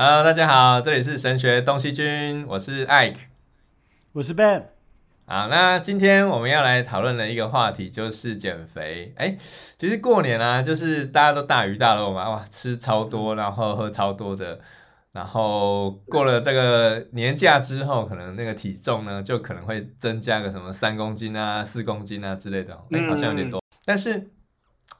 啊，Hello, 大家好，這裡是神學東西君，我是艾克，我是 Ben，啊，那今天我們要來討論的一個話題就是減肥。誒，其實過年啊，就是大家都大魚大肉嘛，哇，吃超多，然後喝超多的，然後過了這個年假之後，可能那個體重呢，就可能會增加個什麼三公斤啊、四公斤啊之類的，哎，好像有點多，嗯、但是。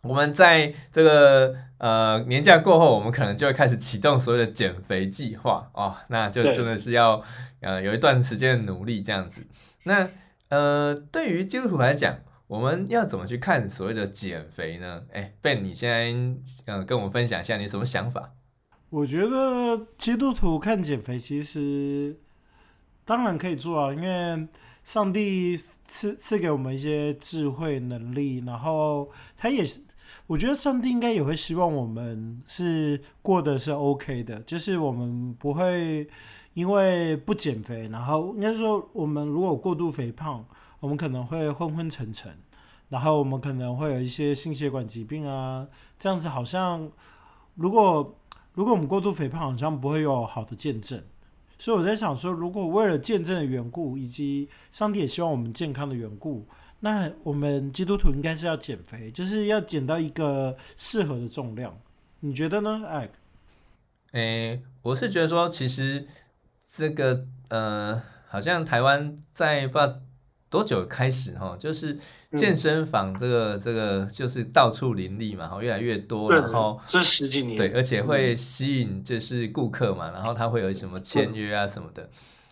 我們在這個呃年假過後，我們可能就會開始啟動所謂的減肥計劃哦，那就真的是要對呃有一段時間的努力這樣子。那呃，對於基督徒來講，我們要怎麼去看所謂的減肥呢？哎，Ben，你現在嗯、呃、跟我們分享一下你什麼想法？我覺得基督徒看減肥，其實當然可以做啊，因為上帝賜賜給我們一些智慧能力，然後他也是。我覺得上帝應該也會希望我們是過得是 OK 的，就是我們不會因為不減肥，然後應該說我們如果過度肥胖，我們可能會昏昏沉沉，然後我們可能會有一些心血管疾病啊，這樣子好像如果如果我們過度肥胖，好像不會有好的見證。所以我在想說，如果為了見證的緣故，以及上帝也希望我們健康的緣故。那我們基督徒應該是要減肥，就是要減到一個適合的重量，你覺得呢？哎，我是覺得說，其實這個呃，好像台灣在不知道多久開始哈、哦，就是健身房這個、嗯、這個就是到處林立嘛，然後越來越多，的然後這十幾年對，而且會吸引就是顧客嘛，然後他會有什麼簽約啊什麼的，嗯、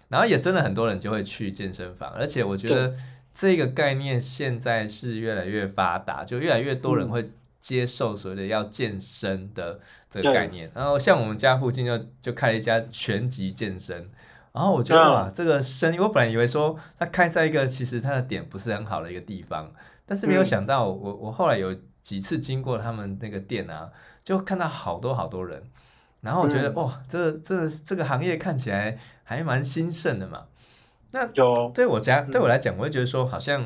然後也真的很多人就會去健身房，而且我覺得。這個概念現在是越來越發達，就越來越多人會接受所謂的要健身的這個概念。嗯、然後像我們家附近就就開了一家拳擊健身，然後我覺得啊對，這個生意我本來以為說它開在一個其實它的點不是很好的一個地方，但是沒有想到我，嗯、我我後來有幾次經過他們那個店啊，就看到好多好多人，然後我覺得哇、嗯哦，這這這個行業看起來還蠻興盛的嘛。那就對我家對我來講，我會覺得說，好像，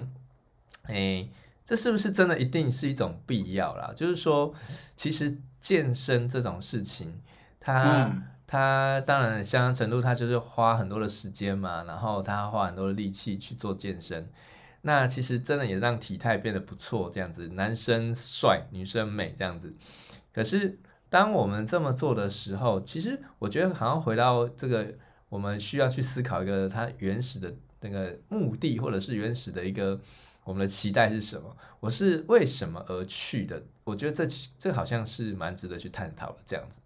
哎、欸，這是不是真的一定是一種必要啦？就是說，其實健身這種事情，它他、嗯、當然相當程度他就是花很多的時間嘛，然後他花很多的力氣去做健身，那其實真的也讓體態變得不錯，這樣子，男生帥，女生美，這樣子。可是當我們這麼做的時候，其實我覺得好像回到這個。我們需要去思考一個它原始的那個目的，或者是原始的一個我們的期待是什麼？我是為什麼而去的？我覺得這這好像是蠻值得去探討的。這樣子，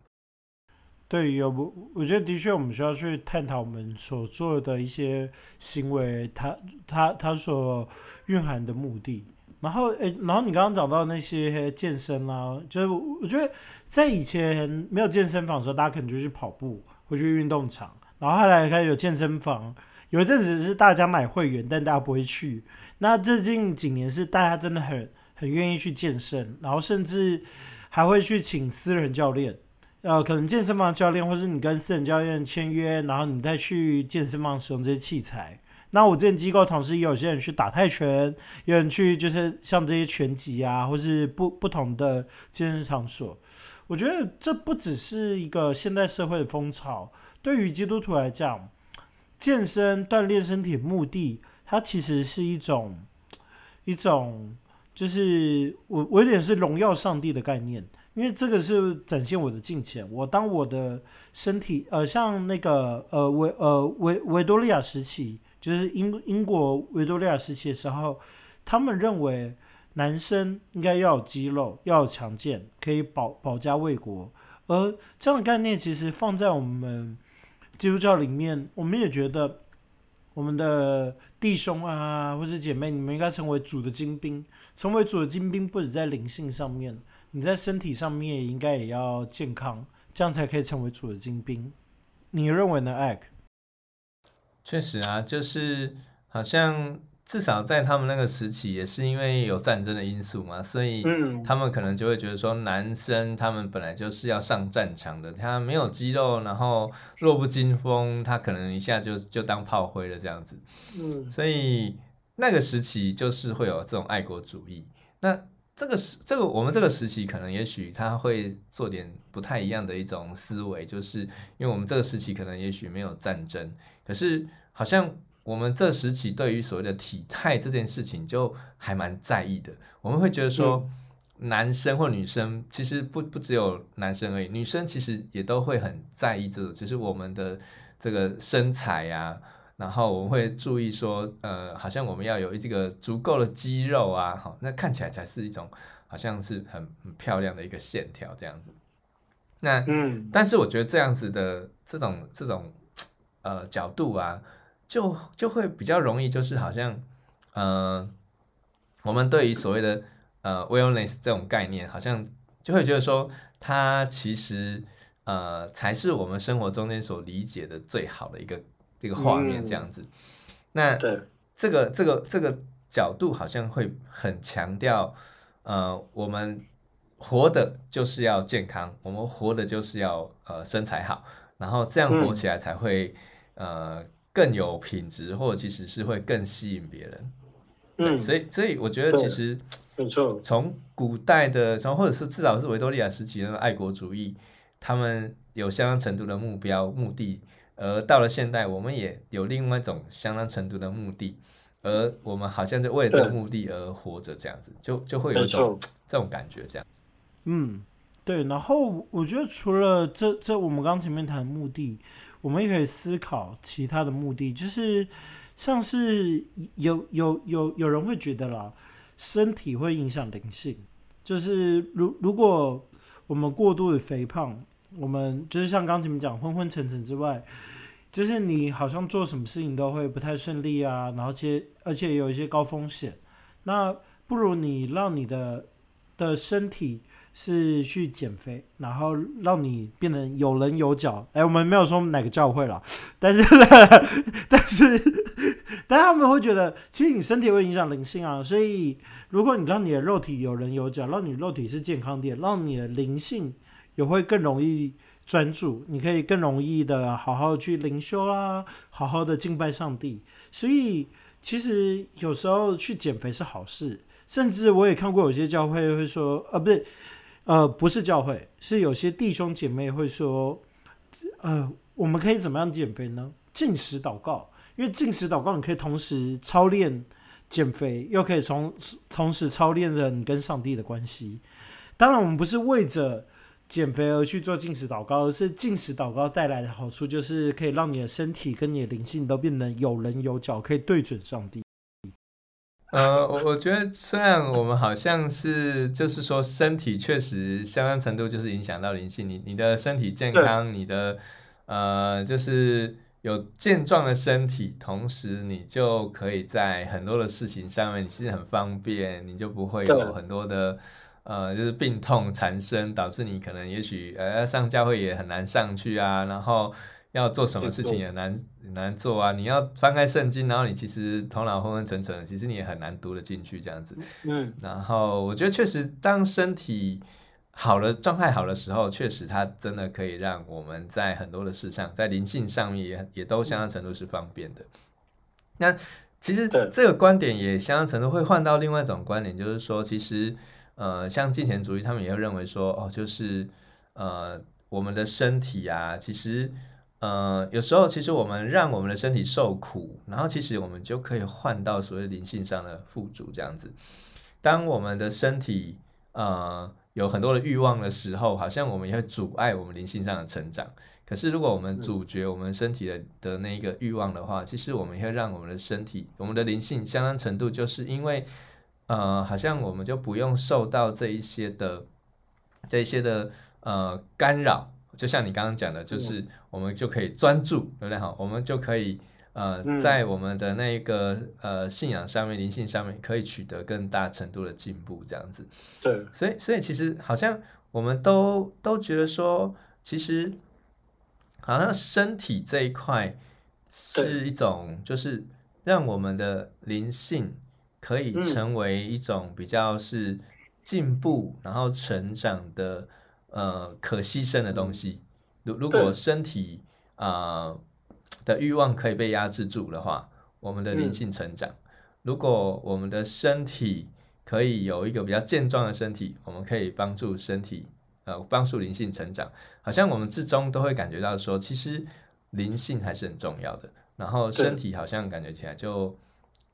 對，有我我覺得的確我們需要去探討我們所做的一些行為，它它它所蘊含的目的。然後，哎，然後你剛剛講到那些健身啊，就是我覺得在以前沒有健身房的時候，大家可能就去跑步或去運動場。然後後來開始有健身房，有一陣子是大家買會員，但大家不會去。那最近幾年是大家真的很很願意去健身，然後甚至還會去請私人教練，呃，可能健身房教練或是你跟私人教練簽約，然後你再去健身房使用這些器材。那我這間機構同時也有些人去打泰拳，有人去就是像這些拳擊啊，或是不不同的健身場所。我覺得這不只是一個現代社會的風潮。對於基督徒來講，健身鍛鍊身體的目的，它其實是一種一種就是我我有點是榮耀上帝的概念，因為這個是展現我的敬虔。我當我的身體，呃，像那個呃，呃維呃維維多利亞時期，就是英英國維多利亞時期的時候，他們認為男生應該要有肌肉，要有強健，可以保保家衛國。而這樣的概念其實放在我們。基督教裡面，我們也覺得我們的弟兄啊，或是姐妹，你們應該成為主的精兵。成為主的精兵，不止在靈性上面，你在身體上面應該也要健康，這樣才可以成為主的精兵。你認為呢，艾克？確實啊，就是好像。至少在他們那個時期，也是因為有戰爭的因素嘛，所以他們可能就會覺得說，男生他們本來就是要上戰場的，他沒有肌肉，然後弱不禁風，他可能一下就就當炮灰了這樣子。嗯，所以那個時期就是會有這種愛國主義。那這個時，這個我們這個時期可能也許他會做點不太一樣的一種思維，就是因為我們這個時期可能也許沒有戰爭，可是好像。我們這時期對於所謂的體態這件事情，就還蠻在意的。我們會覺得說，男生或女生，其實不不只有男生而已，女生其實也都會很在意這種。其實我們的這個身材呀，然後我們會注意說，呃，好像我們要有這個足夠的肌肉啊，好，那看起來才是一種好像是很很漂亮的一個線條這樣子。那嗯，但是我覺得這樣子的這種這種呃角度啊。就就會比較容易，就是好像，呃，我們對於所謂的呃 wellness 這種概念，好像就會覺得說，它其實呃才是我們生活中間所理解的最好的一個這個畫面這樣子。嗯、那對這個這個這個角度好像會很強調，呃，我們活的就是要健康，我們活的就是要呃身材好，然後這樣活起來才會、嗯、呃。更有品質，或者其實是會更吸引別人。嗯，所以所以我覺得其實沒錯。從古代的，從或者是至少是維多利亞時期的愛國主義，他們有相當程度的目標目的，而到了現代，我們也有另外一種相當程度的目的，而我們好像就為了這個目的而活着，這樣子對就就會有一種錯這種感覺，這樣。嗯，對。然後我覺得除了這這，我們剛前面談目的，我們也可以思考其他的目的，就是像是有有有有人會覺得啦，身體會影響靈性，就是如如果我們過度的肥胖，我們就是像剛剛前面講昏昏沉沉之外，就是你好像做什麼事情都會不太順利啊，然後且而且有一些高風險，那不如你讓你的的身體，是去減肥，然後讓你變成有稜有角。哎，我們沒有說哪個教會了，但是，但是，但是他們會覺得，其實你身體會影響靈性啊。所以，如果你讓你的肉體有稜有角，讓你肉體是健康點，讓你的靈性也會更容易專注。你可以更容易的好好去靈修啊，好好的敬拜上帝。所以，其實有時候去減肥是好事。甚至我也看過有些教會會說，啊，不對。呃，不是教會，是有些弟兄姐妹會說，呃，我們可以怎麼樣減肥呢？禁食禱告，因為禁食禱告，你可以同時操練減肥，又可以從同時操練你跟上帝的關係。當然，我們不是為着減肥而去做禁食禱告，而是禁食禱告帶來的好處就是可以讓你的身體跟你的靈性都變得有稜有角，可以對準上帝。呃，我我覺得，雖然我們好像是，就是說，身體確實相當程度就是影響到靈性。你你的身體健康，對你的呃，就是有健壯的身體，同時你就可以在很多的事情上面，你其實很方便，你就不會有很多的對呃，就是病痛纏身，導致你可能也許呃上教會也很難上去啊，然後。要做什麼事情也難做難做啊！你要翻開聖經，然後你其實頭腦昏昏沉沉，其實你也很難讀得進去這樣子。嗯，然後我覺得確實，當身體好了、狀態好的時候，確實它真的可以讓我們在很多的事上，在靈性上面也也都相當程度是方便的。那其實這個觀點也相當程度會換到另外一種觀點，就是說，其實呃，像金錢主義，他們也會認為說，哦，就是呃，我們的身體啊，其實。呃，有時候其實我們讓我們的身體受苦，然後其實我們就可以換到所謂靈性上的富足這樣子。當我們的身體呃有很多的欲望的時候，好像我們也會阻礙我們靈性上的成長。可是如果我們阻絕我們身體的、嗯、的那個欲望的話，其實我們也會讓我們的身體、我們的靈性相當程度，就是因為呃，好像我們就不用受到這一些的、這一些的呃干擾。就像你剛剛講的，就是我們就可以專注，對不對？好，我們就可以呃，在我們的那個呃信仰上面、靈性上面，可以取得更大程度的進步，這樣子。對，所以所以其實好像我們都都覺得說，其實好像身體這一塊是一種，就是讓我們的靈性可以成為一種比較是進步，然後成長的。呃，可犧牲的東西，如如果身體啊，對、呃、的慾望可以被壓制住的話，我們的靈性成長。嗯、如果我們的身體可以有一個比較健壯的身體，我們可以幫助身體，呃，幫助靈性成長。好像我們至終都會感覺到說，其實靈性還是很重要的。然後身體好像感覺起來就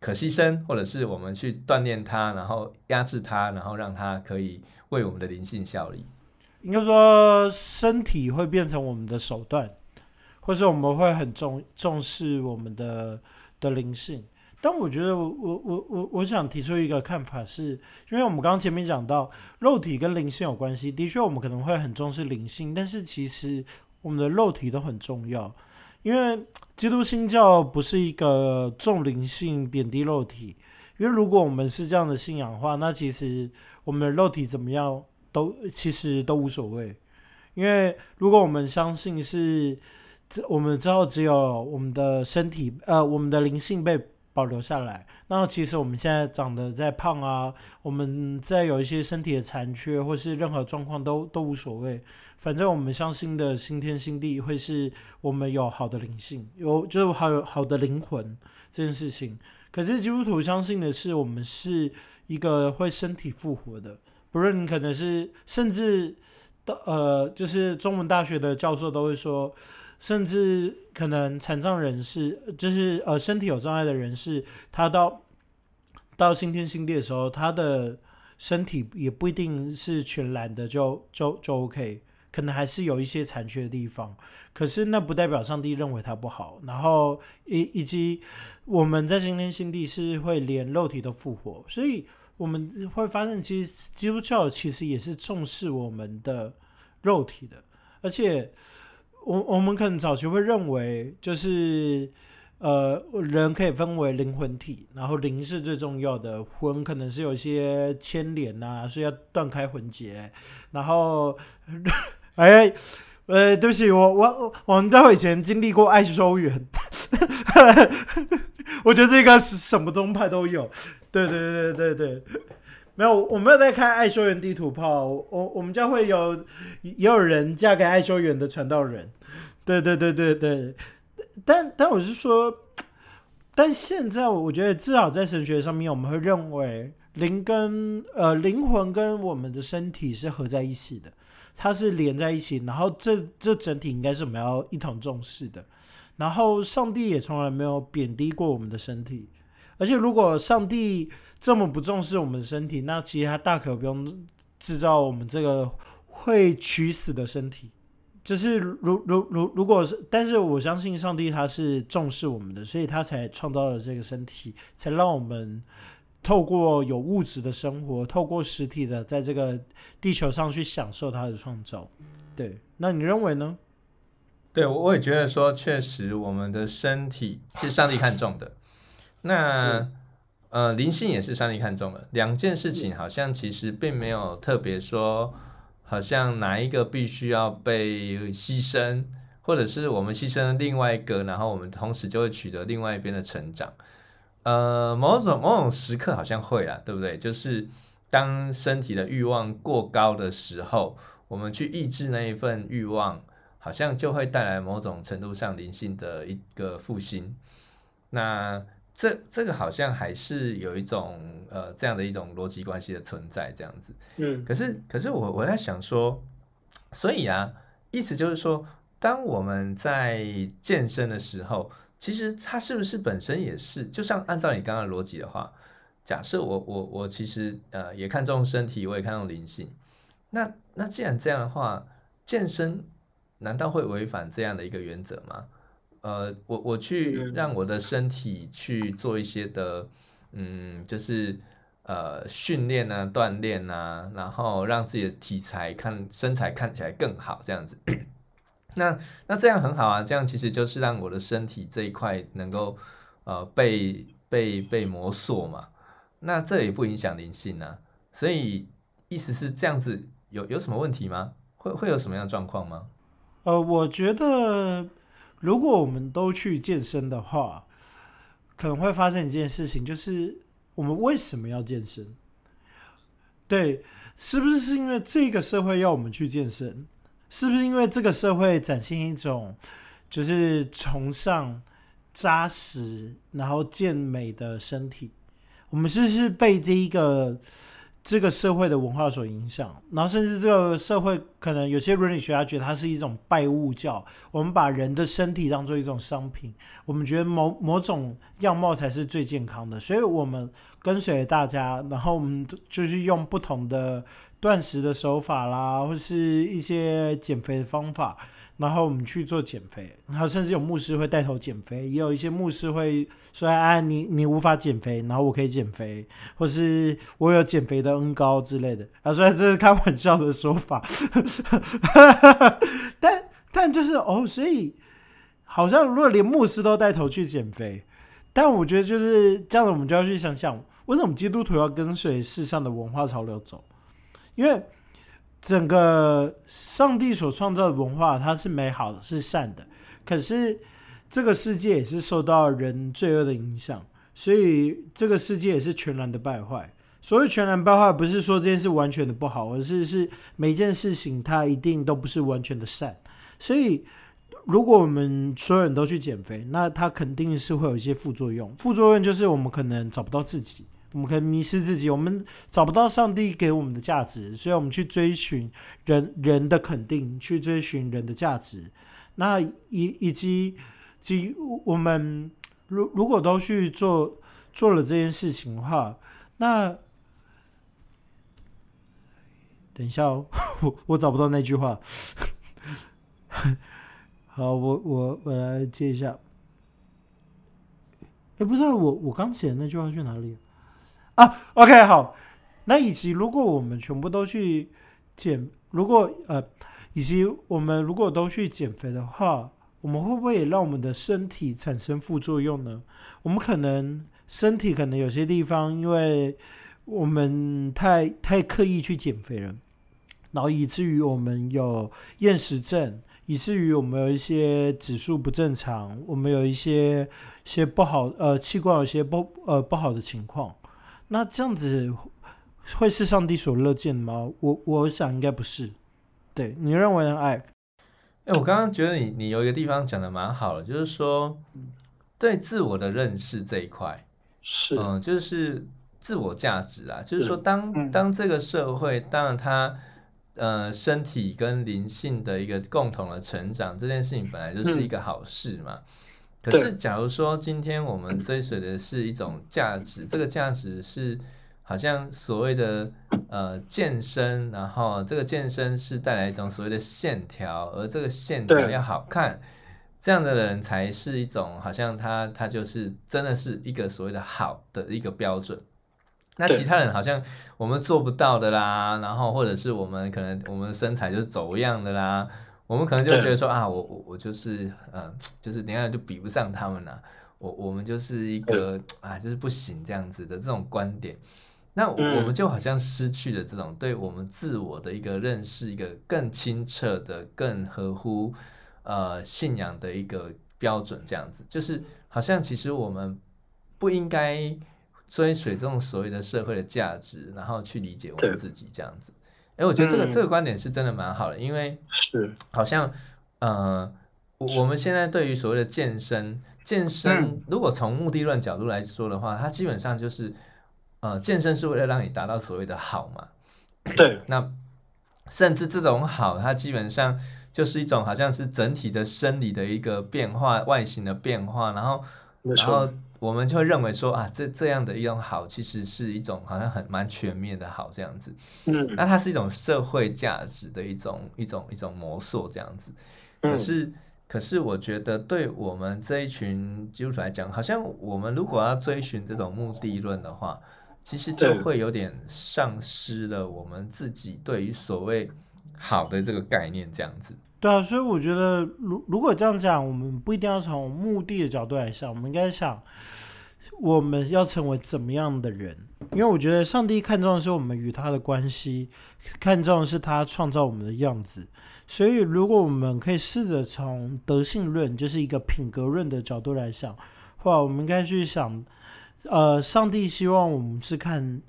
可犧牲，或者是我們去鍛鍊它，然後壓制它，然後讓它可以為我們的靈性效力。應該說，身體會變成我們的手段，或是我們會很重重視我們的的靈性。但我覺得我，我我我我我想提出一個看法是，因為我們剛剛前面講到肉體跟靈性有關係，的確我們可能會很重視靈性，但是其實我們的肉體都很重要。因為基督新教不是一個重靈性貶低肉體，因為如果我們是這樣的信仰的話，那其實我們的肉體怎麼樣？都其實都無所謂，因為如果我們相信是，我們之後只有我們的身體，呃，我們的靈性被保留下來，那其實我們現在長得再胖啊，我們再有一些身體的殘缺或是任何狀況都都無所謂，反正我們相信的新天新地會是我們有好的靈性，有就是好有好的靈魂這件事情。可是基督徒相信的是，我們是一個會身體復活的。不論你可能是，甚至到呃，就是中文大學的教授都會說，甚至可能殘障人士，就是呃身體有障礙的人士，他到到新天新地的時候，他的身體也不一定是全然的就就就 OK，可能還是有一些殘缺的地方。可是那不代表上帝認為他不好。然後以以及我們在新天新地是會連肉體都復活，所以。我們會發現，其實基督教其實也是重視我們的肉體的，而且我我們可能早期會認為，就是呃，人可以分為靈魂體，然後靈是最重要的，魂可能是有一些牽連吶、啊，所以要斷開魂結。然後，哎、欸，呃、欸，對不起，我我我我們家以前經歷過愛修園， 我覺得這應該是什麼宗派都有。對對對對對，沒有，我沒有在開愛修園地圖炮。我我們家會有也有人嫁給愛修園的傳道人。對對對對對，但但我是說，但現在我覺得至少在神學上面，我們會認為靈跟呃靈魂跟我們的身體是合在一起的，它是連在一起，然後這這整體應該是我們要一同重視的。然後上帝也從來沒有貶低過我們的身體。而且，如果上帝這麼不重視我們的身體，那其實他大可不用製造我們這個會屈死的身體。就是如、如如如、如果是，但是我相信上帝他是重視我們的，所以他才創造了這個身體，才讓我們透過有物質的生活，透過實體的，在這個地球上去享受他的創造。對，那你認為呢？對，我我也覺得說，確實我們的身體是上帝看重的。 那，嗯、呃，靈性也是上帝看中的。兩件事情好像其實並沒有特別說，好像哪一個必須要被犧牲，或者是我們犧牲了另外一個，然後我們同時就會取得另外一邊的成長。呃，某種某種時刻好像會啦，對不對？就是當身體的慾望過高的時候，我們去抑制那一份慾望，好像就會帶來某種程度上靈性的一個復興。那。這這個好像還是有一種呃這樣的一種邏輯關係的存在，這樣子。嗯。可是可是我我在想說，所以啊，意思就是說，當我們在健身的時候，其實它是不是本身也是，就像按照你剛剛的邏輯的話，假設我我我其實呃也看重身體，我也看重靈性。那那既然這樣的話，健身難道會違反這樣的一個原則嗎？呃，我我去讓我的身體去做一些的，嗯，就是呃訓練啊、鍛鍊啊，然後讓自己的體裁看身材看起來更好，這樣子。 那那這樣很好啊，這樣其實就是讓我的身體這一塊能夠呃被被被磨塑嘛。那這也不影響靈性啊，所以意思是這樣子有有什麼問題嗎？會會有什麼樣的狀況嗎？呃，我覺得。如果我們都去健身的話，可能會發生一件事情，就是我們為什麼要健身？對，是不是是因為這個社會要我們去健身？是不是因為這個社會展現一種就是崇尚扎實然後健美的身體？我們是不是被這一個這個社會的文化所影響，然後甚至這個社會可能有些倫理學家覺得它是一種拜物教。我們把人的身體當做一種商品，我們覺得某某種樣貌才是最健康的，所以我們跟隨了大家，然後我們就是用不同的斷食的手法啦，或是一些減肥的方法。然後我們去做減肥，然後甚至有牧師會帶頭減肥，也有一些牧師會說：“哎、啊，你你無法減肥，然後我可以減肥，或是我有減肥的恩膏之類的。”啊，雖然這是開玩笑的說法， 但但就是哦，所以好像如果連牧師都帶頭去減肥，但我覺得就是這樣，我們就要去想想，為什麼基督徒要跟隨世上的文化潮流走？因為。整個上帝所創造的文化，它是美好的，是善的。可是這個世界也是受到人罪惡的影響，所以這個世界也是全然的敗壞。所謂全然敗壞，不是說這件事完全的不好，而是是每件事情它一定都不是完全的善。所以，如果我們所有人都去減肥，那它肯定是會有一些副作用。副作用就是我們可能找不到自己。我們可以迷失自己，我們找不到上帝給我們的價值，所以我們去追尋人人的肯定，去追尋人的價值。那以以及及我們如如果都去做做了這件事情的話，那等一下哦，我我找不到那句話。 好，我我我來接一下。哎、欸，不是，我我剛寫的那句話去哪裡了？啊，OK，好。那以及，如果我們全部都去減，如果，呃，以及我們如果都去減肥的話，我們會不會也讓我們的身體產生副作用呢？我們可能身體可能有些地方，因為我們太太刻意去減肥了，然後以至於我們有厭食症，以至於我們有一些指數不正常，我們有一些些不好，呃，器官有些不，呃，不好的情況。那這樣子會是上帝所樂見嗎？我我想應該不是。對你認為的愛，欸、我剛剛覺得你你有一個地方講得蠻好的，就是說對自我的認識這一塊，是嗯，就是自我價值啊，是就是說當對當這個社會，當然他呃身體跟靈性的一個共同的成長，這件事情本來就是一個好事嘛。是嗯可是，假如說今天我們追隨的是一種價值，對這個價值是好像所謂的呃健身，然後這個健身是帶來一種所謂的線條，而這個線條要好看，對這樣的人才是一種好像他他就是真的是一個所謂的好的一個標準。對那其他人好像我們做不到的啦，然後或者是我們可能我們身材就走樣的啦。我們可能就覺得說對啊，我我我就是，嗯、呃，就是等下就比不上他們了。我我們就是一個對啊，就是不行這樣子的這種觀點。那我們就好像失去了這種對我們自我的一個認識，一個更清澈的、更合乎呃信仰的一個標準，這樣子。就是好像其實我們不應該追隨這種所謂的社會的價值，然後去理解我們自己這樣子。哎，我覺得這個、嗯、這個觀點是真的蠻好的，因為是好像，是呃，我我們現在對於所謂的健身，健身、嗯、如果從目的論角度來說的話，它基本上就是，呃，健身是為了讓你達到所謂的好嘛，對，那甚至這種好，它基本上就是一種好像是整體的生理的一個變化，外形的變化，然後，然後。我們就會認為說啊，這這樣的一種好，其實是一種好像很蠻全面的好這樣子。嗯、那它是一種社會價值的一種一種一種模塑這樣子。可是、嗯、可是我覺得，對我們這一群基督徒來講，好像我們如果要追尋這種目的論的話，其實就會有點喪失了我們自己對於所謂好的這個概念這樣子。對啊，所以我覺得，如如果這樣講，我們不一定要從目的的角度來想，我們應該想，我們要成為怎麼樣的人？因為我覺得上帝看重的是我們與他的關係，看重的是他創造我們的樣子。所以，如果我們可以試着從德性論，就是一個品格論的角度來想的話，我們應該去想，呃，上帝希望我們是看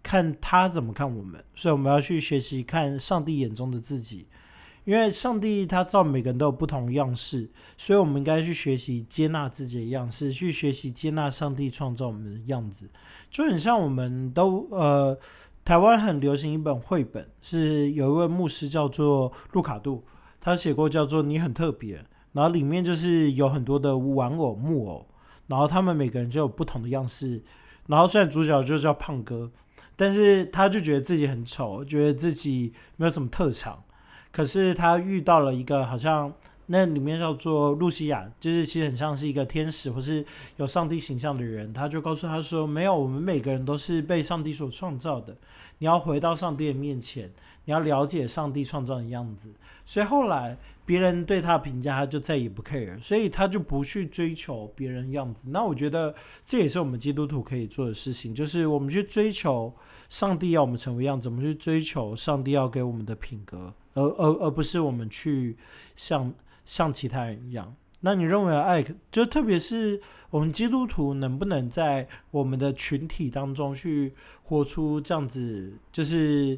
看他怎麼看我們，所以我們要去學習看上帝眼中的自己。因為上帝他造每個人都有不同樣式，所以我們應該去學習接納自己的樣式，去學習接納上帝創造我們的樣子。就很像我們都呃，台灣很流行一本繪本，是有一位牧師叫做路卡杜，他寫過叫做《你很特別》，然後裡面就是有很多的玩偶木偶，然後他們每個人就有不同的樣式。然後雖然主角就叫胖哥，但是他就覺得自己很醜，覺得自己沒有什麼特長。可是他遇到了一個好像那裡面叫做露西亞，就是其實很像是一個天使或是有上帝形象的人，他就告訴他說，沒有，我們每個人都是被上帝所創造的，你要回到上帝的面前，你要了解上帝創造的樣子。所以後來。別人對他評價，他就再也不 care，所以他就不去追求別人樣子。那我覺得這也是我們基督徒可以做的事情，就是我們去追求上帝要我們成為樣子，我們去追求上帝要給我們的品格，而而而不是我們去像像其他人一樣。那你認為艾克，就特別是我們基督徒能不能在我們的群體當中去活出這樣子，就是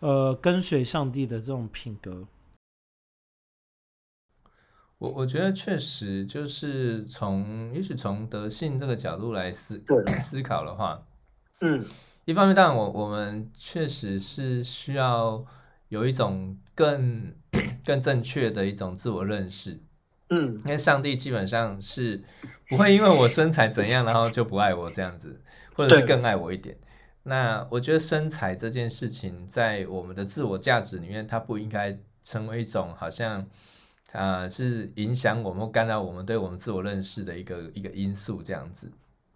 呃跟隨上帝的這種品格？我我覺得確實就是從，也許從德性這個角度來思對思考的話，嗯，一方面當然我我們確實是需要有一種更更正確的一種自我認識，嗯，因為上帝基本上是不會因為我身材怎樣 然後就不愛我這樣子，或者是更愛我一點。對那我覺得身材這件事情在我們的自我價值裡面，它不應該成為一種好像。啊、呃，是影響我們、干擾我們、對我們自我認識的一個一個因素，這樣子。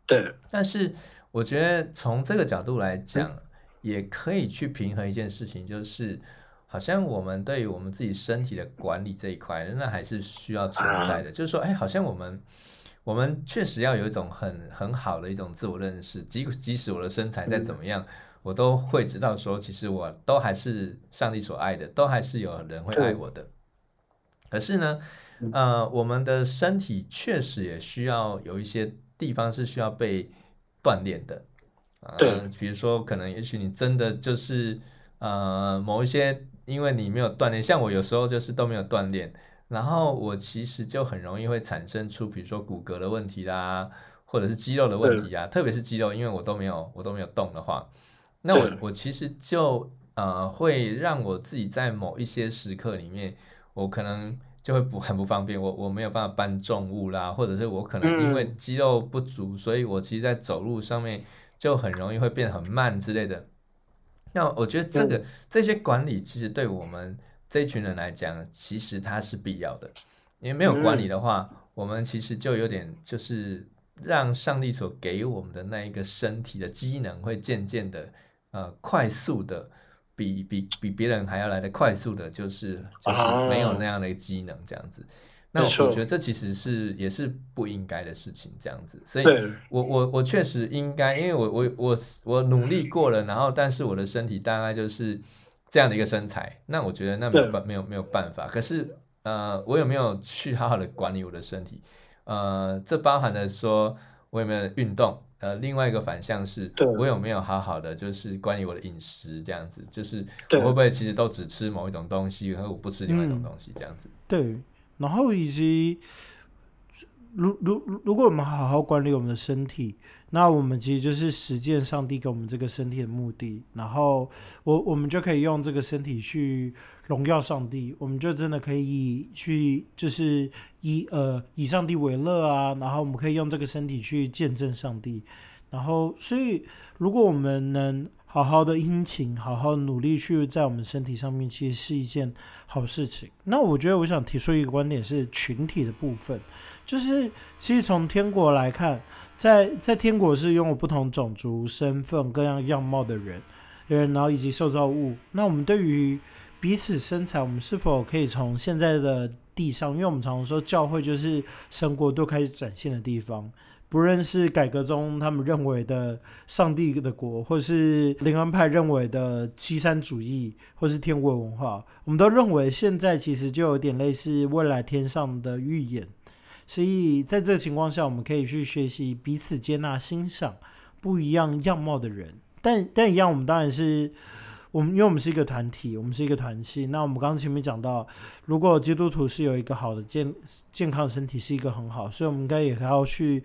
對，但是我覺得從這個角度來講，嗯、也可以去平衡一件事情，就是好像我們對於我們自己身體的管理這一塊，那還是需要存在的。啊、就是說，哎、欸，好像我們我們確實要有一種很很好的一種自我認識，即即使我的身材再怎麼樣，嗯、我都會知道說，其實我都還是上帝所愛的，都還是有人會愛我的。可是呢，呃，我們的身體確實也需要有一些地方是需要被鍛鍊的，啊、呃，對比如說可能也許你真的就是呃某一些，因為你沒有鍛鍊，像我有時候就是都沒有鍛鍊，然後我其實就很容易會產生出比如說骨骼的問題啦，或者是肌肉的問題啊，對特別是肌肉，因為我都沒有我都沒有動的話，那我對我其實就呃會讓我自己在某一些時刻裡面。我可能就會不很不方便，我我沒有辦法搬重物啦，或者是我可能因為肌肉不足，所以我其實在走路上面就很容易會變得很慢之類的。那我覺得這個、嗯、這些管理其實對我們這群人來講，其實它是必要的，因為沒有管理的話，嗯、我們其實就有點就是讓上帝所給我們的那一個身體的機能會漸漸的呃快速的。比比比別人還要來的快速的，就是就是沒有那樣的機能這樣子。啊、那我覺得這其實是確也是不應該的事情，這樣子。所以我對我我確實應該，因為我我我我努力過了，然後但是我的身體大概就是這樣的一個身材。那我覺得那沒有辦對沒有沒有辦法。可是呃，我有沒有去好好的管理我的身體？呃，這包含了說我有沒有運動。呃，另外一個反向是，對我有沒有好好的，就是管理我的飲食這樣子，就是我會不會其實都只吃某一種東西，然後我不吃另外一種東西這樣子。嗯、對，然後以及，如如如，如果我們好好管理我們的身體。那我們其實就是實踐上帝給我們這個身體的目的，然後我我們就可以用這個身體去榮耀上帝，我們就真的可以去就是以呃以上帝為樂啊，然後我們可以用這個身體去見證上帝，然後所以如果我們能好好的殷勤，好好努力去在我們身體上面，其實是一件好事情。那我覺得我想提出一個觀點是群體的部分，就是其實從天國來看，在在天國是擁有不同種族、身份、各樣樣貌的人人，然後以及受造物。那我們對於彼此身材，我們是否可以從現在的地上？因為我們常常說教會就是神國度開始展現的地方。不論是改革宗他們認為的上帝的國，或是靈恩派認為的七山主義，或是天國文化，我們都認為現在其實就有點類似未來天上的預演。所以，在這情況下，我們可以去學習彼此接納、欣賞不一樣樣貌的人。但但一樣，我們當然是我們，因為我們是一個團體，我們是一個團體。那我們剛前面講到，如果基督徒是有一個好的健健康身體，是一個很好。所以，我們應該也要去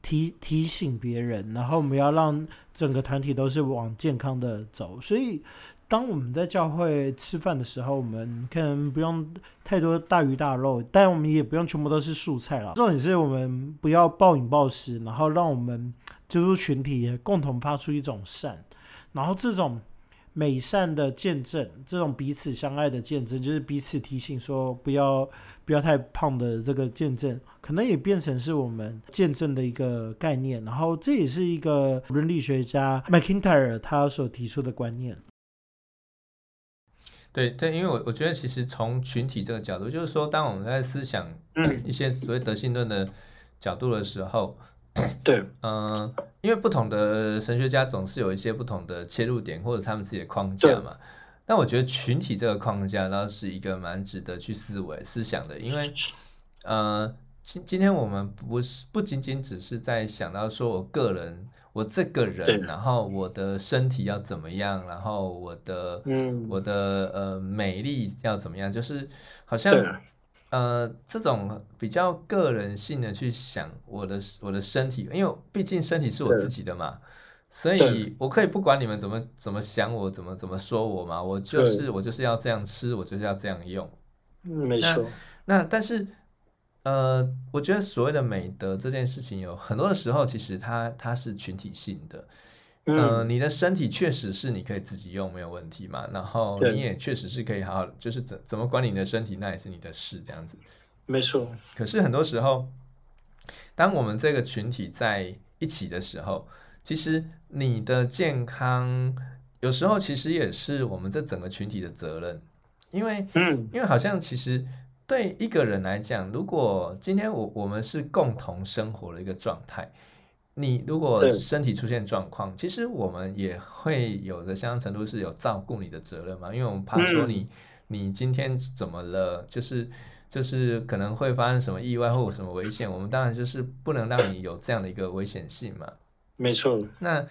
提提醒別人，然後我們要讓整個團體都是往健康的走。所以。當我們在教會吃飯的時候，我們可能不用太多大魚大肉，但我們也不用全部都是素菜啦。重點是我們不要暴飲暴食，然後讓我們基督群體也共同發出一種善，然後這種美善的見證，這種彼此相愛的見證，就是彼此提醒說不要不要太胖的這個見證，可能也變成是我們見證的一個概念。然後這也是一個倫理學家 MacIntyre 他所提出的觀念。對，對，因為我我覺得其實從群體這個角度，就是說，當我們在思想、嗯、一些所謂德性論的角度的時候，對，嗯、呃，因為不同的神學家總是有一些不同的切入點或者他們自己的框架嘛。那對我覺得群體這個框架，然後是一個蠻值得去思維、思想的，因為，呃，今今天我們不是不僅僅只是在想到說我個人。我這個人，了然後我的身體要怎麼樣？然後我的、嗯、我的呃美麗要怎麼樣？就是好像了呃這種比較個人性的去想我的我的身體，因為畢竟身體是我自己的嘛，對所以我可以不管你們怎麼怎麼想我，怎麼怎麼說我嘛，我就是對我就是要這樣吃，我就是要這樣用，沒錯。那，那但是。呃，我覺得所謂的美德這件事情，有很多的時候，其實它它是群體性的。嗯、呃，你的身體確實是你可以自己用沒有問題嘛，然後你也確實是可以好好，就是怎怎麼管理你的身體，那也是你的事這樣子。沒錯。可是很多時候，當我們這個群體在一起的時候，其實你的健康有時候其實也是我們這整個群體的責任，因為、嗯、因為好像其實。對一個人來講，如果今天我、我們是共同生活的一個狀態，你如果身體出現狀況，對其實我們也會有的相當程度是有照顧你的責任嘛，因為我們怕說你、嗯、你今天怎麼了，就是就是可能會發生什麼意外或有什麼危險，我們當然就是不能讓你有這樣的一個危險性嘛。沒錯，那。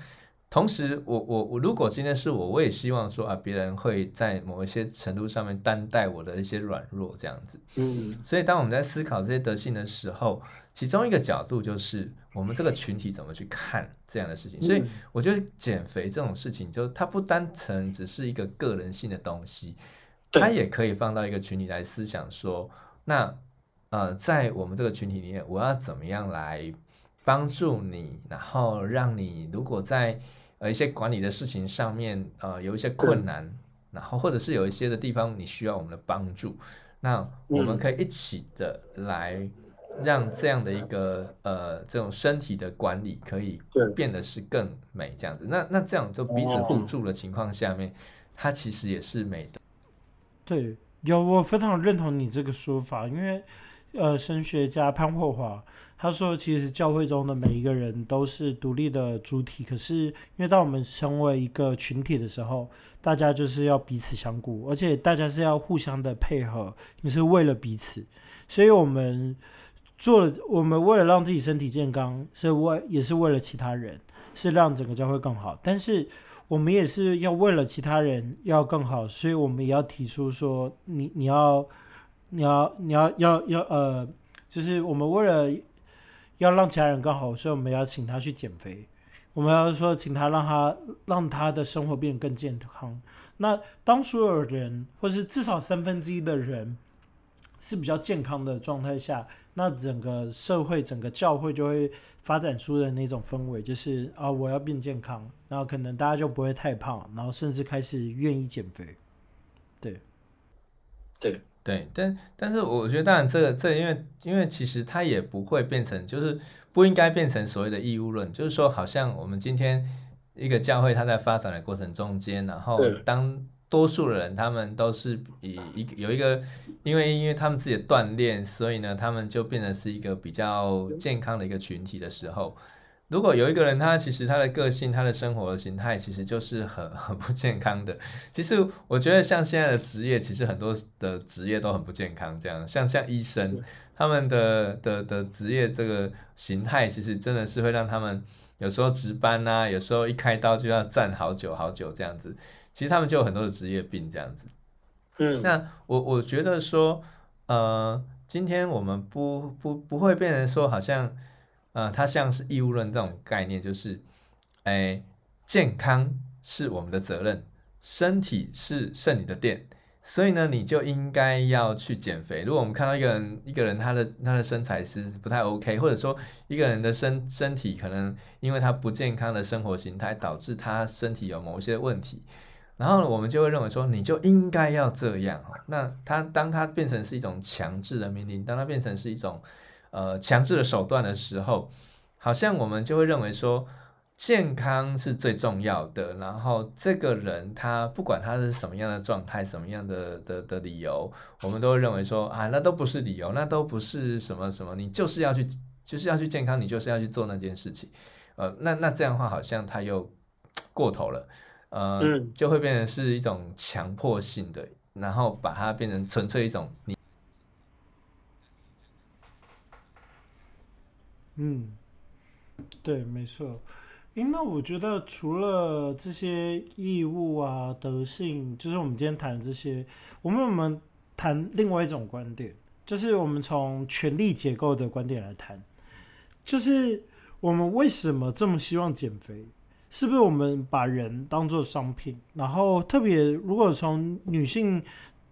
同時，我我我如果今天是我，我也希望說啊，別人會在某一些程度上面擔待我的一些軟弱這樣子。嗯，所以當我們在思考這些德性的時候，其中一個角度就是我們這個群體怎麼去看這樣的事情。嗯，所以我覺得減肥這種事情，就是它不單純只是一個個人性的東西，它也可以放到一個群體來思想說，對那呃，在我們這個群體裡面，我要怎麼樣來幫助你，然後讓你如果在有一些管理的事情上面，呃，有一些困難，對然後或者是有一些的地方你需要我們的幫助，那我們可以一起的來讓這樣的一個、嗯、呃這種身體的管理可以變得是更美對這樣子。那那這樣就彼此互助的情況下面，哦、它其實也是美的。對，有我非常認同你這個說法，因為呃，神學家潘霍華。他說：“其實教會中的每一個人都是獨立的主體，可是因為當我們成為一個群體的時候，大家就是要彼此相顧，而且大家是要互相的配合，你、就是為了彼此，所以我們做了，我們為了讓自己身體健康，是為也是為了其他人，是讓整個教會更好。但是我們也是要為了其他人要更好，所以我們也要提出說你，你要你要你要你要要要呃，就是我們為了。”要讓其他人更好，所以我們也要請他去減肥。我們要說，請他讓他讓他的生活變得更健康。那當所有人，或是至少三分之一的人是比較健康的狀態下，那整個社會、整個教會就會發展出的那種氛圍，就是啊，我要變健康。然後可能大家就不會太胖，然後甚至開始願意減肥。對，對。對，但但是我覺得，當然，這個，這個這因為因為其實它也不會變成，就是不應該變成所謂的義務論，就是說，好像我們今天一個教會，它在發展的過程中間，然後當多數的人他們都是以一有一個，因為因為他們自己的鍛鍊，所以呢，他們就變成是一個比較健康的一個群體的時候。如果有一個人，他其實他的個性，他的生活的形態，其實就是很很不健康的。其實我覺得，像現在的職業，其實很多的職業都很不健康。這樣，像像醫生，他們的的的職業這個形態，其實真的是會讓他們有時候值班吶、啊，有時候一開刀就要站好久好久這樣子。其實他們就有很多的職業病這樣子。嗯，那我我覺得說，呃，今天我們不不不會變成說好像。呃，它像是義務論這種概念，就是，哎、欸，健康是我們的責任，身體是聖靈的殿，所以呢，你就應該要去減肥。如果我們看到一個人，一個人他的他的身材是不太 OK，或者說一個人的身身體可能因為他不健康的生活形態導致他身體有某些問題，然後呢，我們就會認為說，你就應該要這樣。那他當他變成是一種強制的命令，當他變成是一種。呃，強制的手段的時候，好像我們就會認為說，健康是最重要的。然後這個人他不管他是什麼樣的狀態，什麼樣的的的理由，我們都會認為說，啊，那都不是理由，那都不是什麼什麼，你就是要去，就是要去健康，你就是要去做那件事情。呃，那那這樣的話，好像他又過頭了，呃，就會變成是一種強迫性的，然後把它變成純粹一種你。嗯，對，沒錯。因為我覺得除了這些義務啊、德性，就是我們今天談的這些，我們我們談另外一種觀點，就是我們從權力結構的觀點來談，就是我們為什麼這麼希望減肥？是不是我們把人當作商品？然後特別如果從女性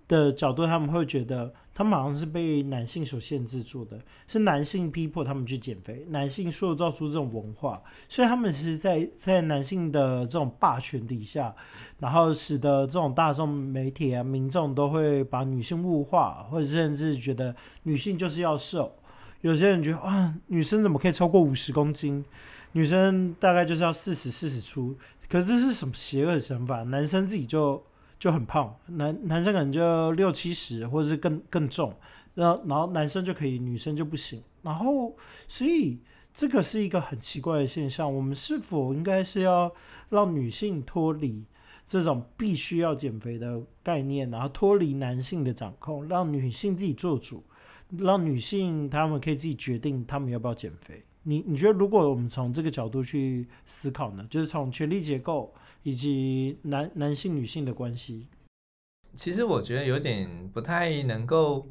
的角度，她們會覺得。他們好像是被男性所限制住的，是男性逼迫他們去減肥，男性塑造出這種文化，所以他們其實，在在男性的這種霸權底下，然後使得這種大眾媒體啊、民眾都會把女性物化，或者甚至覺得女性就是要瘦。有些人覺得啊，女生怎麼可以超過五十公斤？女生大概就是要四十、四十出。可是這是什麼邪惡的想法？男生自己就。就很胖，男男生可能就六七十，或者是更更重，然後然後男生就可以，女生就不行。然後所以這個是一個很奇怪的現象。我們是否應該是要讓女性脫離這種必須要減肥的概念，然後脫離男性的掌控，讓女性自己做主，讓女性她們可以自己決定她們要不要減肥？你你覺得如果我們從這個角度去思考呢？就是從權力結構。以及男男性、女性的關係，其實我覺得有點不太能夠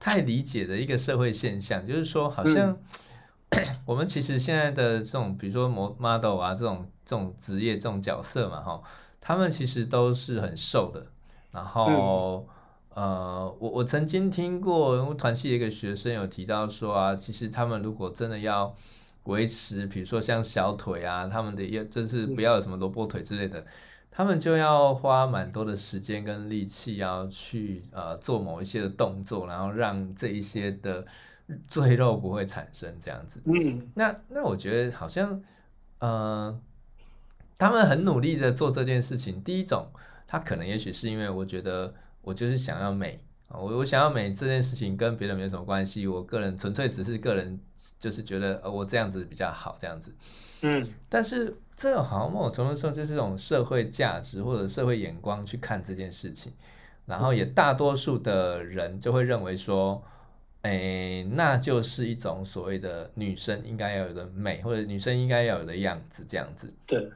太理解的一個社會現象，就是說，好像、嗯、我們其實現在的這種，比如說模 model 啊這種這種職業、這種角色嘛，吼，他們其實都是很瘦的。然後，嗯、呃，我我曾經聽過團契的一個學生有提到說啊，其實他們如果真的要。維持，比如說像小腿啊，他們的要就是不要有什麼蘿蔔腿之類的，他們就要花蠻多的時間跟力氣，要去呃做某一些的動作，然後讓這一些的贅肉不會產生這樣子。嗯，那那我覺得好像，呃，他們很努力的做這件事情。第一種，他可能也許是因為我覺得我就是想要美。我我想要美這件事情跟別人沒有什麼關係，我個人純粹只是個人，就是覺得呃我這樣子比較好這樣子，嗯。但是這好像某種程度上，就是一種社會價值或者社會眼光去看這件事情，然後也大多數的人就會認為說，哎、嗯欸，那就是一種所謂的女生應該要有的美，或者女生應該要有的樣子這樣子。對。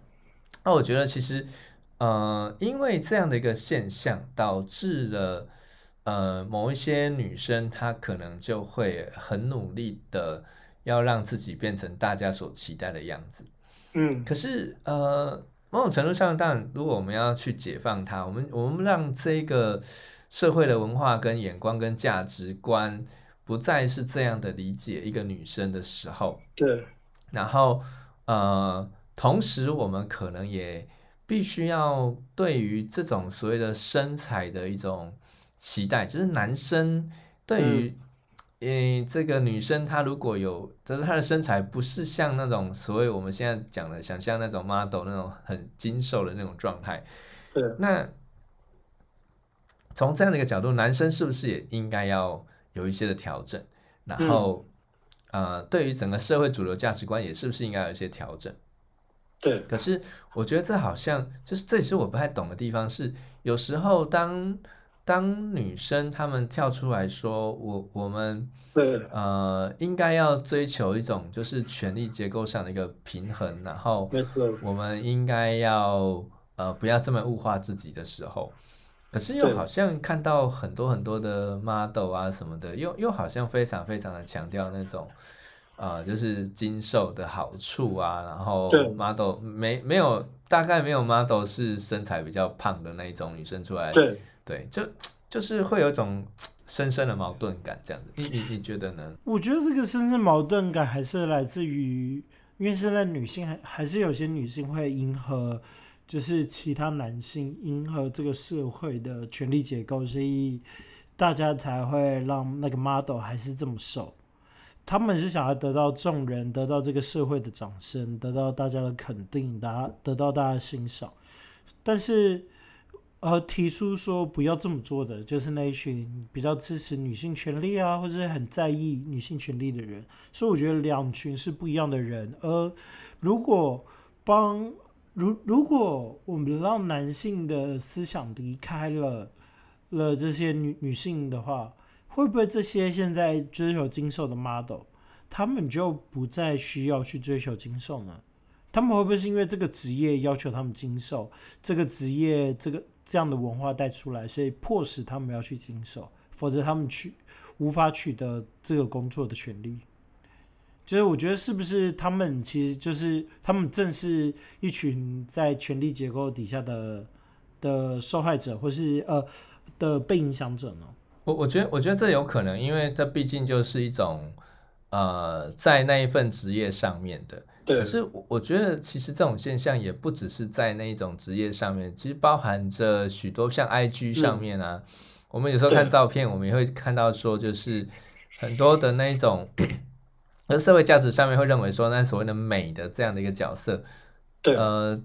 那我覺得其實，呃，因為這樣的一個現象導致了。呃，某一些女生，她可能就會很努力的要讓自己變成大家所期待的樣子。嗯，可是呃，某種程度上，當然，如果我們要去解放她，我們我們讓這個社會的文化跟眼光跟價值觀不再是這樣的理解一個女生的時候，對。嗯。然後呃，同時我們可能也必須要對於這種所謂的身材的一種。期待就是男生對於，嗯，這個女生，她如果有，就是她的身材不是像那種所謂我們現在講的，想像那種 model 那種很精瘦的那種狀態，對、嗯。那從這樣的一個角度，男生是不是也應該要有一些的調整？然後，嗯、呃，對於整個社會主流價值觀，也是不是應該有一些調整？嗯、對。可是我覺得這好像就是這也是我不太懂的地方是，是有時候當。當女生她們跳出來說我我們對呃應該要追求一種就是權力結構上的一個平衡，然後我們應該要呃不要這麼物化自己的時候，可是又好像看到很多很多的 model 啊什麼的，對又又好像非常非常的強調那種啊、呃、就是精瘦的好處啊，然後 model 對沒沒有大概沒有 model 是身材比較胖的那一種女生出來。對，就就是會有一種深深的矛盾感，這樣子，對對對，你你你覺得呢？我覺得這個深深矛盾感還是來自於，因為現在女性還還是有些女性會迎合，就是其他男性，迎合這個社會的權力結構，所以大家才會讓那個 model 還是這麼瘦。他們是想要得到眾人，得到這個社會的掌聲，得到大家的肯定，得到大家的欣賞，但是。而提出說不要這麼做的，就是那一群比較支持女性權利啊，或者很在意女性權利的人。所以我覺得兩群是不一樣的人。而如果幫如如果我們讓男性的思想離開了了這些女女性的話，會不會這些現在追求精瘦的 model，他們就不再需要去追求精瘦呢？他們會不會是因為這個職業要求他們經受這個職業這個這樣的文化帶出來，所以迫使他們要去經受，否則他們去無法取得這個工作的權利。就是我覺得是不是他們其實就是他們正是一群在權力結構底下的的受害者，或是呃的被影響者呢？我我覺得我覺得這有可能，因為這畢竟就是一種呃在那一份職業上面的。可是，我覺得其實這種現象也不只是在那一種職業上面，其實包含着許多像 IG 上面啊，嗯，我們有時候看照片，我們也會看到說，就是很多的那一種，嗯，社會價值上面會認為說，那所謂的美的這樣的一個角色，對，呃，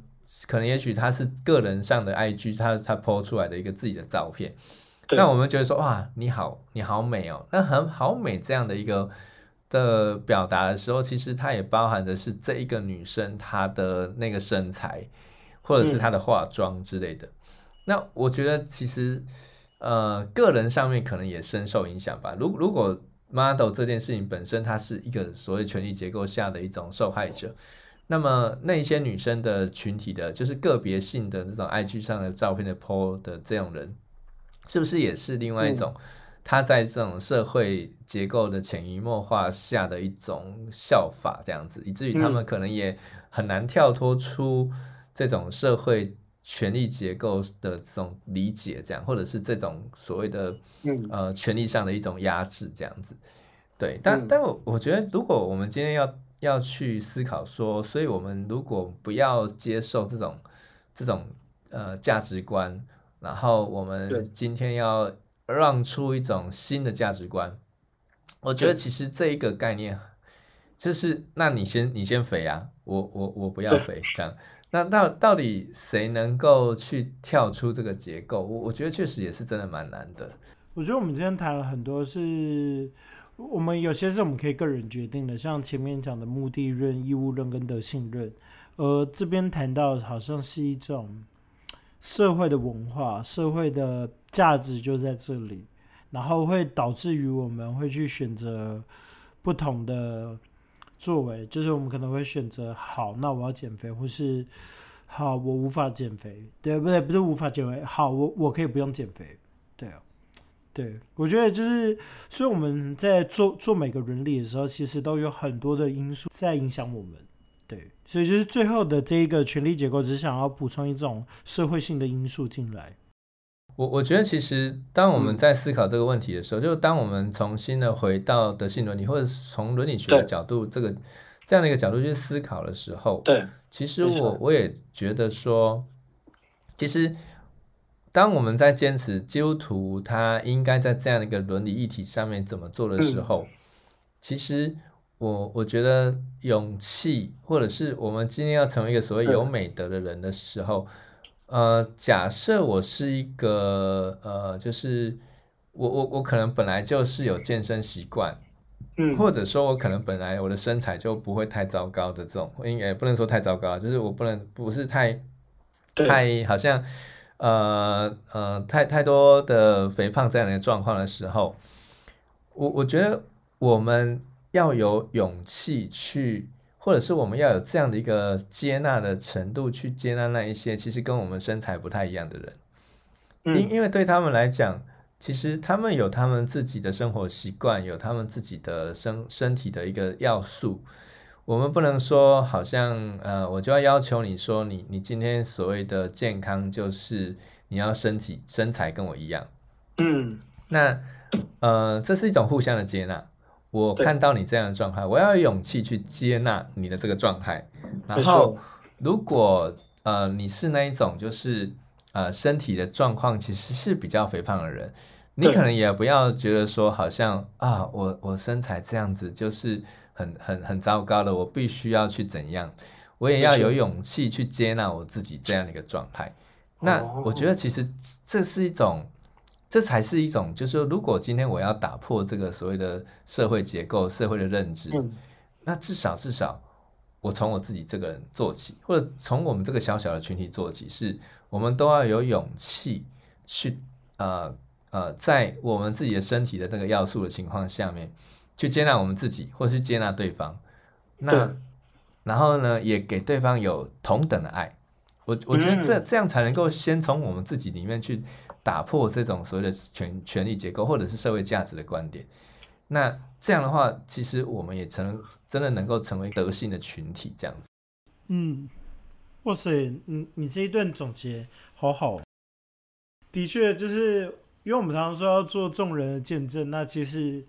可能也許他是個人上的 IG，他他 Po 出來的一個自己的照片，對那我們覺得說，哇，你好，你好美哦，那很好，好美這樣的一個。的表達的時候，其實它也包含的是這一個女生她的那個身材，或者是她的化妝之類的。嗯、那我覺得其實，呃，個人上面可能也深受影響吧。如如果 model 這件事情本身它是一個所謂權力結構下的一種受害者，那麼那一些女生的群體的，就是個別性的這種 IG 上的照片的 PO 的這種人，是不是也是另外一種？嗯他在這種社會結構的潛移默化下的一種效法，這樣子，以至於他們可能也很難跳脫出這種社會權力結構的這種理解，這樣，或者是這種所謂的呃權力上的一種壓制，這樣子。對，但、嗯、但我我覺得，如果我們今天要要去思考說，所以我們如果不要接受這種這種呃價值觀，然後我們今天要。讓出一種新的價值觀，我覺得其實這一個概念，就是那你先你先肥啊，我我我不要肥對這樣，那到到底誰能夠去跳出這個結構？我我覺得確實也是真的蠻難的。我覺得我們今天談了很多是，是我們有些是我們可以個人決定的，像前面講的目的論、義務論跟德性論，呃，這邊談到好像是一種社會的文化，社會的。價值就在這裡，然後會導致於我們會去選擇不同的作為，就是我們可能會選擇好，那我要減肥，或是好我無法減肥，對不對？不是無法減肥，好我我可以不用減肥，對啊，對，我覺得就是，所以我們在做做每個倫理的時候，其實都有很多的因素在影響我們，對，所以就是最後的這一個權力結構，只想要補充一種社會性的因素進來。我我覺得其實，當我們在思考這個問題的時候，嗯、就是當我們重新的回到德性倫理，或者從倫理學的角度，對這個這樣的一個角度去思考的時候，對其實我對我也覺得說，其實當我們在堅持基督徒他應該在這樣的一個倫理議題上面怎麼做的時候，嗯、其實我我覺得勇氣，或者是我們今天要成為一個所謂有美德的人的時候。嗯呃，假設我是一個呃，就是我我我可能本來就是有健身習慣，嗯，或者說我可能本來我的身材就不會太糟糕的這種，應該也不能說太糟糕，就是我不能不是太對太好像呃呃太太多的肥胖這樣的狀況的時候，我我覺得我們要有勇氣去。或者是我們要有這樣的一個接納的程度，去接納那一些其實跟我們身材不太一樣的人，因、嗯、因為對他們來講，其實他們有他們自己的生活習慣，有他們自己的身身體的一個要素，我們不能說好像呃，我就要要求你說你你今天所謂的健康就是你要身體身材跟我一樣，嗯，那呃，這是一種互相的接納。我看到你這樣的狀態，對我要有勇氣去接納你的這個狀態。對然後，如果呃你是那一種就是呃身體的狀況其實是比較肥胖的人，對你可能也不要覺得說好像啊我我身材這樣子就是很很很糟糕的，我必須要去怎樣，我也要有勇氣去接納我自己這樣的一個狀態。對那我覺得其實這是一種。這才是一種，就是說，如果今天我要打破這個所謂的社會結構、社會的認知，那至少至少，我從我自己這個人做起，或者從我們這個小小的群體做起，是我們都要有勇氣去呃呃，在我們自己的身體的那個要素的情況下面，去接納我們自己，或是接納對方，那對然後呢，也給對方有同等的愛。我我覺得這這樣才能夠先從我們自己裡面去。打破這種所謂的權權力結構或者是社會價值的觀點，那這樣的話，其實我們也成真的能夠成為德性的群體這樣子。嗯，哇塞，你你這一段總結好好，的確就是，因為我們常常說要做眾人的見證，那其實。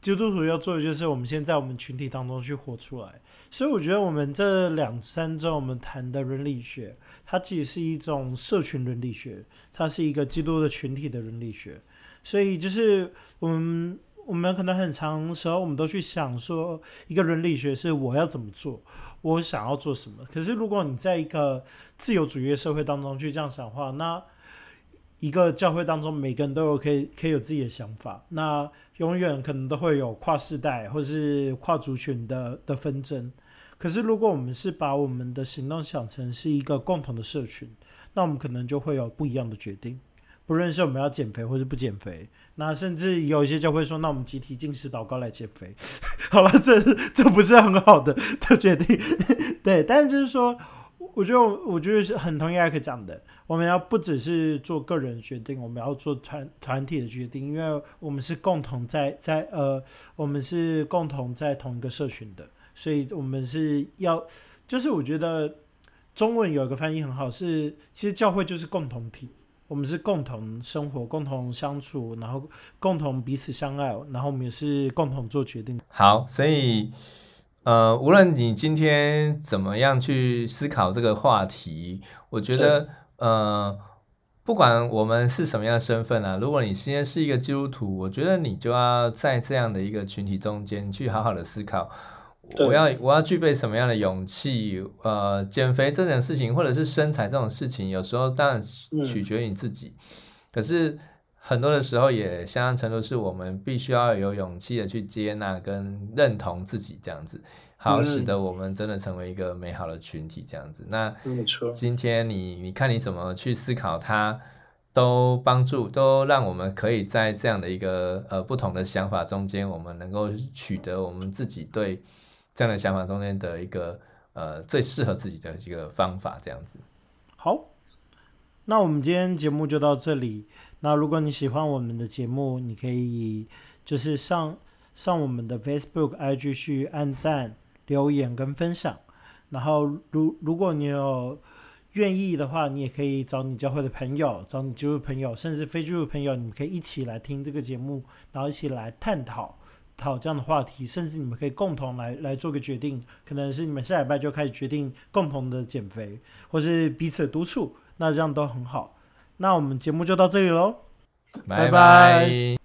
基督徒要做的就是，我們先在我們群體當中去活出來。所以我覺得，我們這兩三周我們談的倫理學，它其實是一種社群倫理學，它是一個基督的群體的倫理學。所以就是，我們我們可能很長時候，我們都去想說，一個倫理學是我要怎麼做，我想要做什麼。可是如果你在一個自由主義的社會當中去這樣想的話，那一個教會當中，每個人都有可以可以有自己的想法。那永遠可能都會有跨世代或是跨族群的的紛爭。可是如果我們是把我們的行動想成是一個共同的社群，那我們可能就會有不一樣的決定。不論是我們要減肥或是不減肥，那甚至有一些教會說，那我們集體禁食禱告來減肥。 好了，這這不是很好的、的決定。 對，但是就是說。我覺得，我覺得是很同意艾克講的。我們要不只是做個人決定，我們要做團團體的決定，因為我們是共同在在呃，我們是共同在同一個社群的，所以我們是要，就是我覺得中文有一個翻譯很好，是其實教會就是共同體，我們是共同生活、共同相處，然後共同彼此相愛，然後我們也是共同做決定。好，所以。呃，無論你今天怎麼樣去思考這個話題，我覺得，對呃，不管我們是什麼樣的身份啊，如果你現在是一個基督徒，我覺得你就要在這樣的一個群體中間去好好的思考，對我要我要具備什麼樣的勇氣？呃，減肥這件事情，或者是身材這種事情，有時候當然取決於你自己，嗯、可是。很多的時候，也相當程度是我們必須要有勇氣的去接納跟認同自己，這樣子，好使得我們真的成為一個美好的群體，這樣子。那今天你你看你怎麼去思考它，都幫助都讓我們可以在這樣的一個呃不同的想法中間，我們能夠取得我們自己對這樣的想法中間的一個呃最適合自己的一個方法，這樣子。好，那我們今天節目就到這裡。那如果你喜歡我們的節目，你可以就是上上我們的 Facebook、IG 去按讚、留言跟分享。然後如，如如果你有願意的話，你也可以找你教會的朋友、找你基督徒的朋友，甚至非基督徒的朋友，你們可以一起來聽這個節目，然後一起來探討討這樣的話題，甚至你們可以共同來來做個決定，可能是你們下禮拜就開始決定共同的減肥，或是彼此督促，那這樣都很好。那我們節目就到這裡嘍，拜拜 bye。Bye bye